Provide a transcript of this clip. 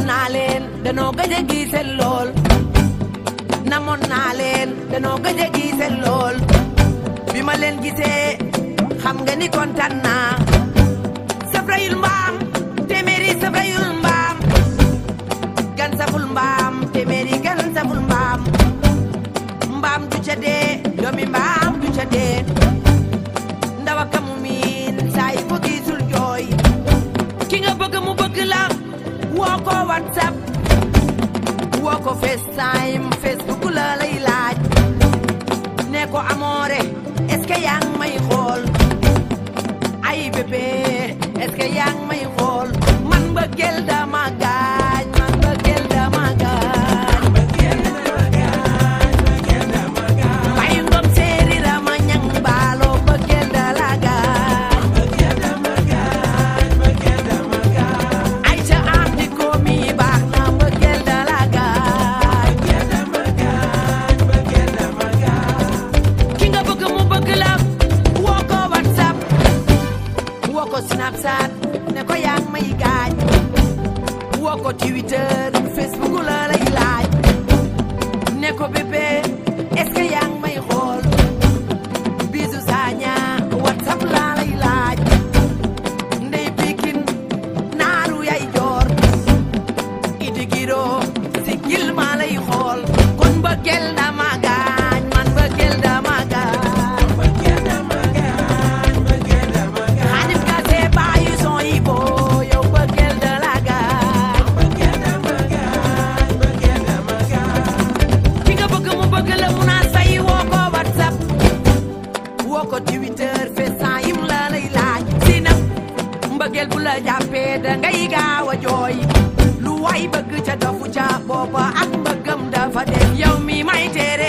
namoon naa leen danoo gëj a gise lool namoon naa leen danoo gëj a gise lool bi ma leen gisee xam nga ni kontaan naa whatsapp woo facetime facebook la lay laaj ne ko amoore est-ce que may xool ay bébé est-ce que ko ne ko yaa ngi may gaañ woo Twitter Facebook la lay laaj ne ko bébé bëgg la woo ko whatsapp woo ko twitter la lay laaj si nag mbëggeel bu la jàppee da ngay gaaw jooy lu way bëgg ca dofu ca booba ak mbëggam dafa dem yow mi may téere